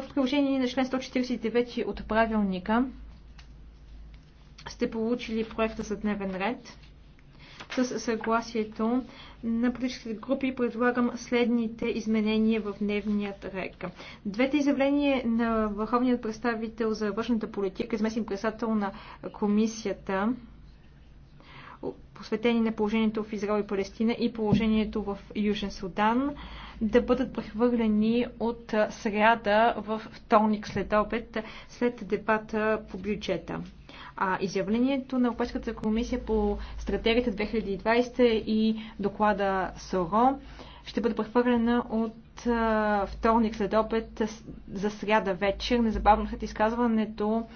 В приложение на член 149 от правилника сте получили проекта за дневен ред. С съгласието на политическите групи предлагам следните изменения в дневният ред. Двете изявления на върховният представител за външната политика, изместен председател на комисията, посветени на положението в Израел и Палестина и положението в Южен Судан, да бъдат прехвърлени от сряда в вторник след обед, след дебата по бюджета. А изявлението на Европейската комисия по стратегията 2020 и доклада СОРО ще бъде прехвърлена от а, вторник след обед за сряда вечер, незабавно след изказването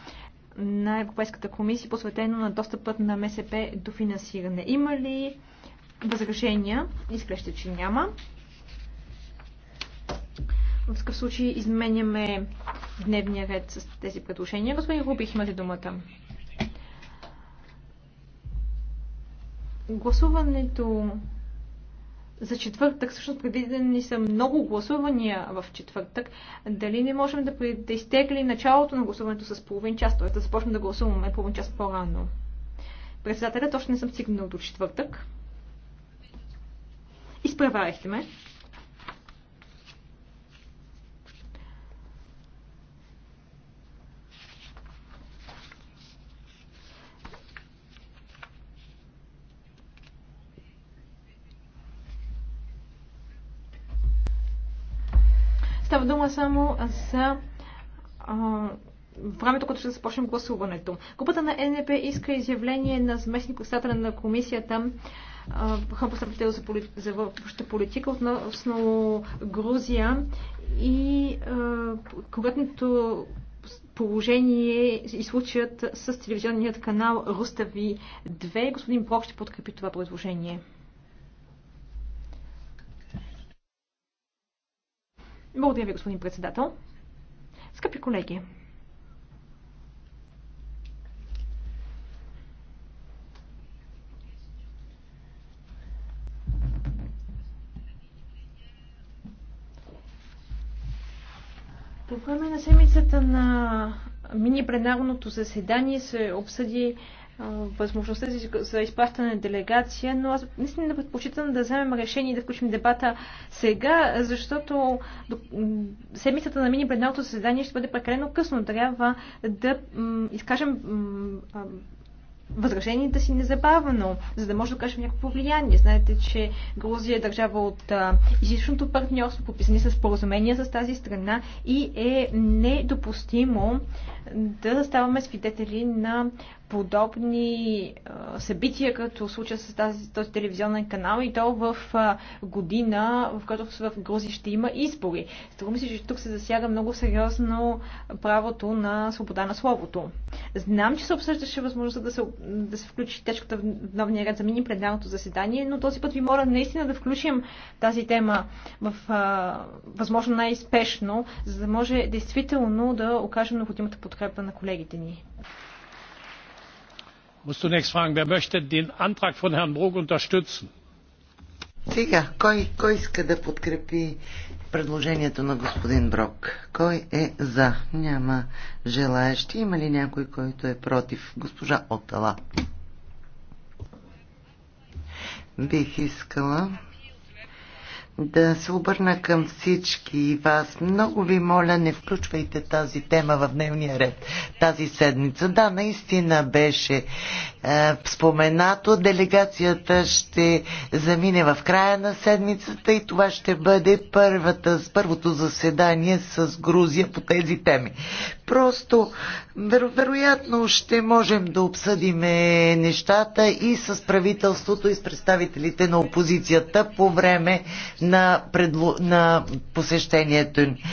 на Европейската комисия, посветено на достъпът на МСП до финансиране. Има ли възражения? Изглежда, че няма. В такъв случай изменяме дневния ред с тези предложения. Господин Рубих, имате думата. Гласуването за четвъртък, всъщност предвидени са много гласувания в четвъртък, дали не можем да, да изтегли началото на гласуването с половин час, т.е. да започнем да гласуваме половин час по-рано. Председателят, още не съм стигнал до четвъртък. Изпреварихте ме. дума само за а, времето, което ще започнем гласуването. Групата на НП иска изявление на заместник председателя на комисията към представител за, поли... за въобще политика относно Грузия и а, конкретното положение и случаят с телевизионният канал Рустави 2. Господин Брок ще подкрепи това предложение. Благодаря ви, господин председател. Скъпи колеги, По време на седмицата на мини пленарното заседание се обсъди възможността за изпращане на делегация, но аз наистина да предпочитам да вземем решение и да включим дебата сега, защото седмицата на мини пленарното заседание ще бъде прекалено късно. Трябва да изкажем възраженията си незабавно, за да може да кажем някакво влияние. Знаете, че Грузия е държава от излишното партньорство, подписани с споразумения с тази страна и е недопустимо да ставаме свидетели на подобни а, събития, като случая с тази, този телевизионен канал и то в а, година, в която в Грузия ще има избори. Струва ми се, че тук се засяга много сериозно правото на свобода на словото. Знам, че се обсъждаше възможността да се, да се включи тежката в новния ред за мини пленарното заседание, но този път ви моля наистина да включим тази тема в а, възможно най-спешно, за да може действително да окажем необходимата подкрепа на колегите ни muss zunächst fragen wer möchte den antrag von herrn brok unterstützen? Сега, кой, кой иска да подкрепи предложението на господин Брок? Кой е за? Няма желаящи. Има ли някой, който е против? Госпожа Отала. Бих искала да се обърна към всички вас. Много ви моля, не включвайте тази тема в дневния ред тази седмица. Да, наистина беше е, споменато. Делегацията ще замине в края на седмицата и това ще бъде първата, първото заседание с Грузия по тези теми. Просто, веро, вероятно, ще можем да обсъдиме нещата и с правителството, и с представителите на опозицията по време на, предло... на посещението ни.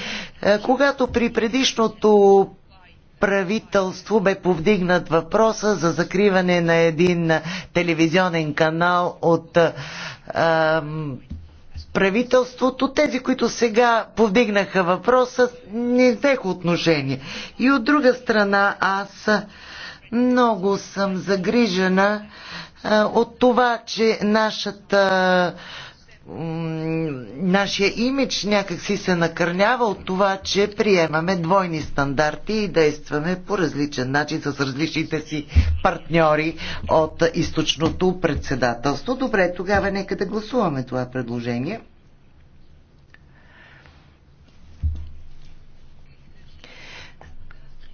Е, когато при предишното правителство бе повдигнат въпроса за закриване на един телевизионен канал от е, ам, правителството. Тези, които сега повдигнаха въпроса, не взеха отношение. И от друга страна, аз много съм загрижена а, е, от това, че нашата а, нашия имидж някакси се накърнява от това, че приемаме двойни стандарти и действаме по различен начин с различните си партньори от източното председателство. Добре, тогава нека да гласуваме това предложение.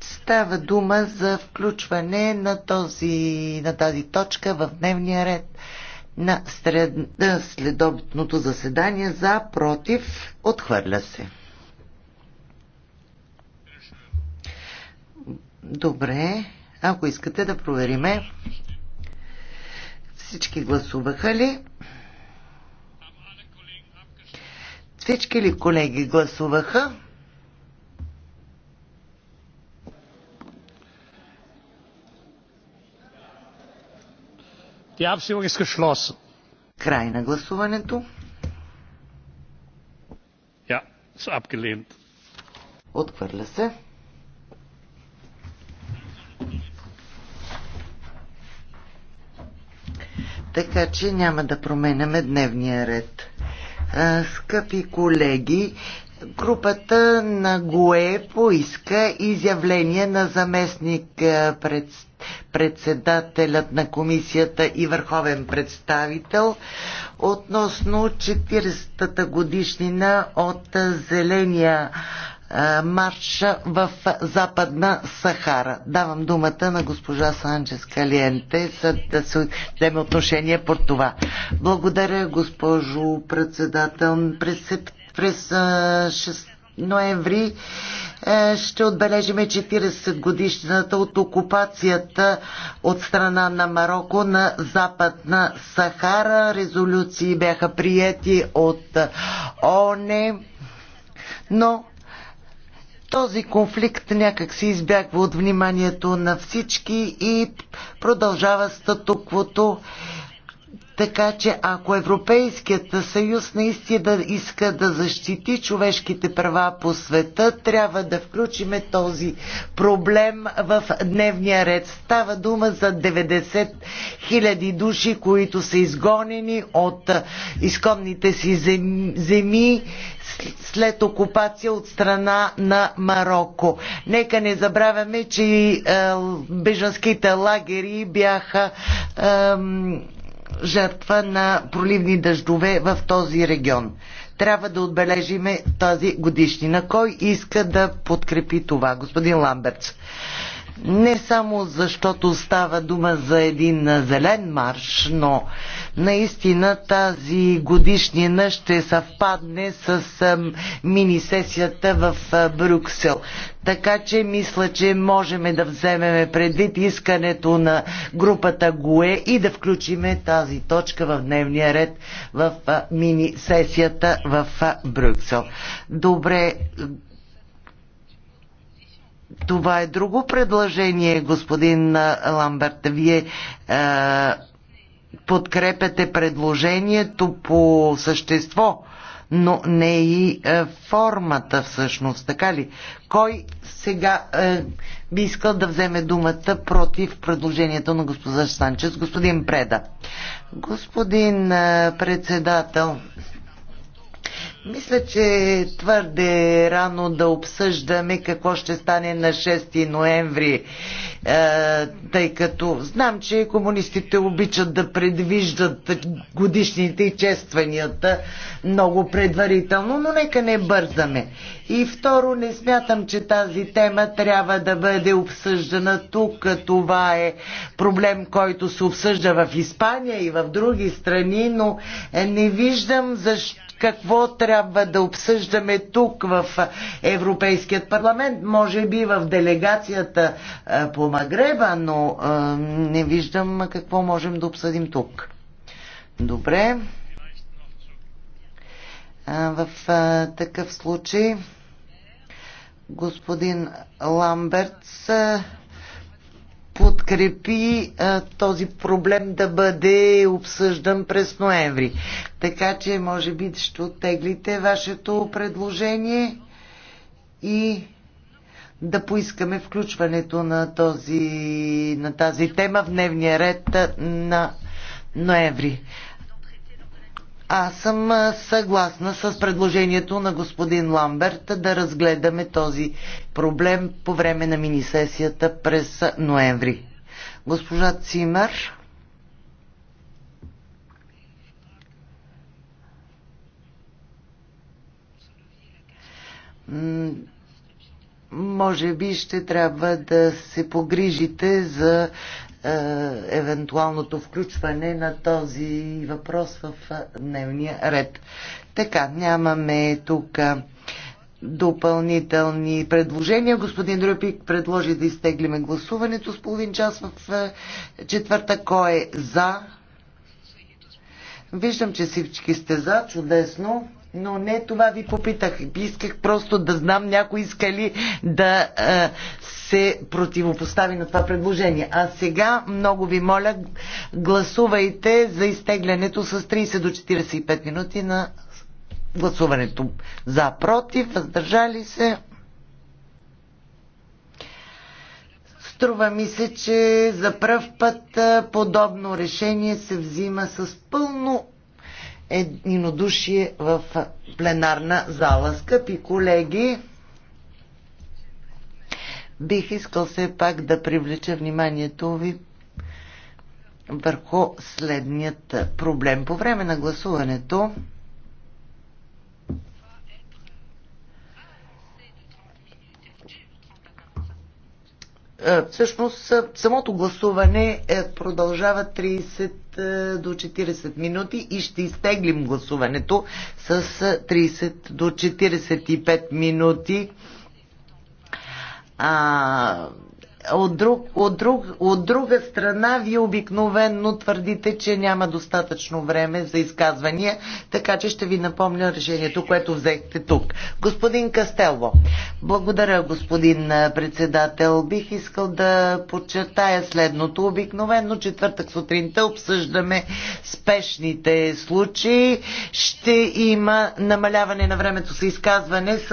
Става дума за включване на, този, на тази точка в дневния ред на сред... следобитното заседание за против отхвърля се. Добре, ако искате да провериме. Всички гласуваха ли? Всички ли колеги гласуваха? Die Abstimmung ist geschlossen. Край на гласуването. Ja, ist abgelehnt. Отхвърля се. Така че няма да променяме дневния ред. скъпи колеги, групата на ГОЕ поиска изявление на заместник председател председателят на комисията и върховен представител относно 40-та годишнина от Зеления марш в Западна Сахара. Давам думата на госпожа Санчес Калиенте, за да се вземе отношение по това. Благодаря, госпожо председател. През, през 6 ноември е, ще отбележиме 40 годишната от окупацията от страна на Марокко на Западна Сахара. Резолюции бяха приети от ОНЕ, но този конфликт някак се избягва от вниманието на всички и продължава статуквото така че ако Европейският съюз наистина иска да защити човешките права по света, трябва да включиме този проблем в дневния ред. Става дума за 90 хиляди души, които са изгонени от изконните си земи след окупация от страна на Марокко. Нека не забравяме, че е, бежанските лагери бяха ем, жертва на проливни дъждове в този регион. Трябва да отбележиме тази годишнина. Кой иска да подкрепи това? Господин Ламберц не само защото става дума за един зелен марш, но наистина тази годишнина ще съвпадне с мини-сесията в Брюксел. Така че мисля, че можем да вземем предвид искането на групата ГУЕ и да включиме тази точка в дневния ред в мини-сесията в Брюксел. Добре, това е друго предложение, господин Ламберт. Вие е, подкрепяте предложението по същество, но не и е, формата всъщност, така ли? Кой сега е, би искал да вземе думата против предложението на госпожа Санчес? Господин Преда. Господин е, председател, мисля, че е твърде рано да обсъждаме какво ще стане на 6 ноември, е, тъй като знам, че комунистите обичат да предвиждат годишните и честванията много предварително, но нека не бързаме. И второ, не смятам, че тази тема трябва да бъде обсъждана тук. Това е проблем, който се обсъжда в Испания и в други страни, но не виждам защо какво трябва да обсъждаме тук в Европейският парламент, може би в делегацията е, по Магреба, но е, не виждам какво можем да обсъдим тук. Добре. Е, в такъв случай господин Ламбертс подкрепи а, този проблем да бъде обсъждан през ноември. Така че, може би, ще оттеглите вашето предложение и да поискаме включването на, този, на тази тема в дневния ред на ноември. Аз съм съгласна с предложението на господин Ламберт да разгледаме този проблем по време на минисесията през ноември. Госпожа Цимер. може би ще трябва да се погрижите за е, евентуалното включване на този въпрос в е, дневния ред. Така, нямаме тук е, допълнителни предложения. Господин Рюпик предложи да изтеглиме гласуването с половин час в четвърта. Кой е за? Виждам, че всички сте за. Чудесно. Но не това ви попитах. Исках просто да знам някой иска ли да а, се противопостави на това предложение. А сега много ви моля, гласувайте за изтеглянето с 30 до 45 минути на гласуването. За, против, въздържали се. Струва ми се, че за пръв път подобно решение се взима с пълно единодушие в пленарна зала. Скъпи колеги, бих искал все пак да привлеча вниманието ви върху следният проблем. По време на гласуването Е, всъщност е, самото гласуване е, продължава 30 до 40 минути и ще изтеглим гласуването с 30 до 45 минути. А, от, друг, от, друг, от друга страна, вие обикновенно твърдите, че няма достатъчно време за изказвания, така че ще ви напомня решението, което взехте тук. Господин Кастелво, благодаря, господин председател. Бих искал да подчертая следното. Обикновено четвъртък сутринта обсъждаме спешните случаи. Ще има намаляване на времето за изказване с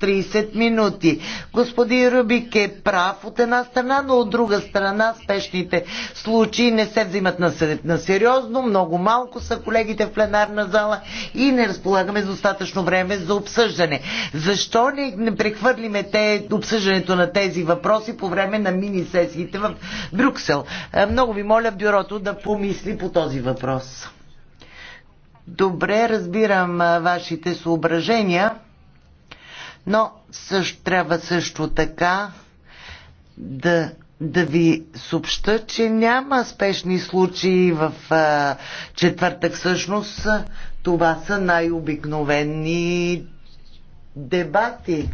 30 минути. Господин Рубик е прав от една страна, но от друга страна спешните случаи не се взимат на сериозно. Много малко са колегите в пленарна зала и не разполагаме достатъчно време за обсъждане. Защо не, не прехвърлиме те, обсъждането на тези въпроси по време на мини-сесиите в Брюксел. Е, много ви моля в бюрото да помисли по този въпрос. Добре, разбирам е, вашите съображения, но също, трябва също така да, да ви съобща, че няма спешни случаи в а, е, четвъртък. Всъщност това са най-обикновени дебати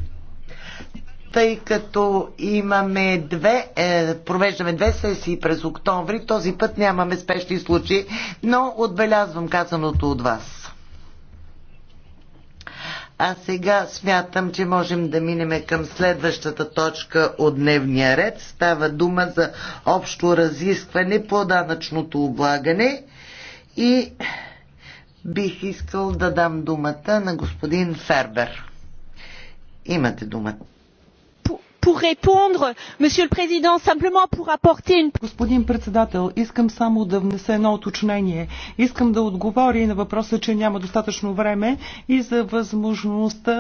тъй като имаме две, е, провеждаме две сесии през октомври. Този път нямаме спешни случаи, но отбелязвам казаното от вас. А сега смятам, че можем да минеме към следващата точка от дневния ред. Става дума за общо разискване по данъчното облагане и бих искал да дам думата на господин Фербер. Имате думата. Господин председател, искам само да внеса едно уточнение. Искам да отговоря на въпроса, че няма достатъчно време и за възможността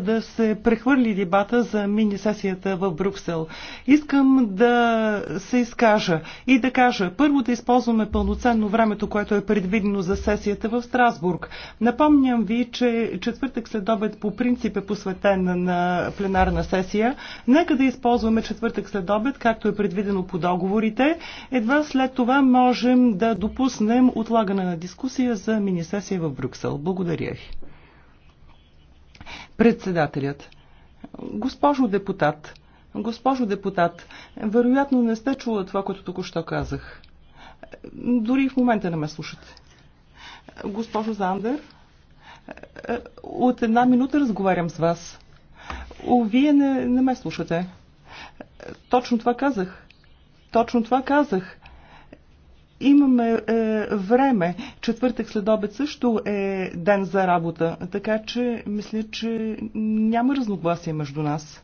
да се прехвърли дебата за мини-сесията в Брюксел. Искам да се изкажа и да кажа, първо да използваме пълноценно времето, което е предвидено за сесията в Страсбург. Напомням ви, че четвъртък след обед по принцип е посветен на пленарна сесия. Нека Нека да използваме четвъртък след обед, както е предвидено по договорите. Едва след това можем да допуснем отлагане на дискусия за минисесия в Брюксел. Благодаря ви. Председателят. Госпожо депутат, госпожо депутат, вероятно не сте чула това, което току-що казах. Дори в момента не ме слушате. Госпожо Зандер, от една минута разговарям с вас. О, вие не, не ме слушате. Точно това казах. Точно това казах. Имаме е, време. Четвъртък след обед също е ден за работа, така че мисля, че няма разногласие между нас.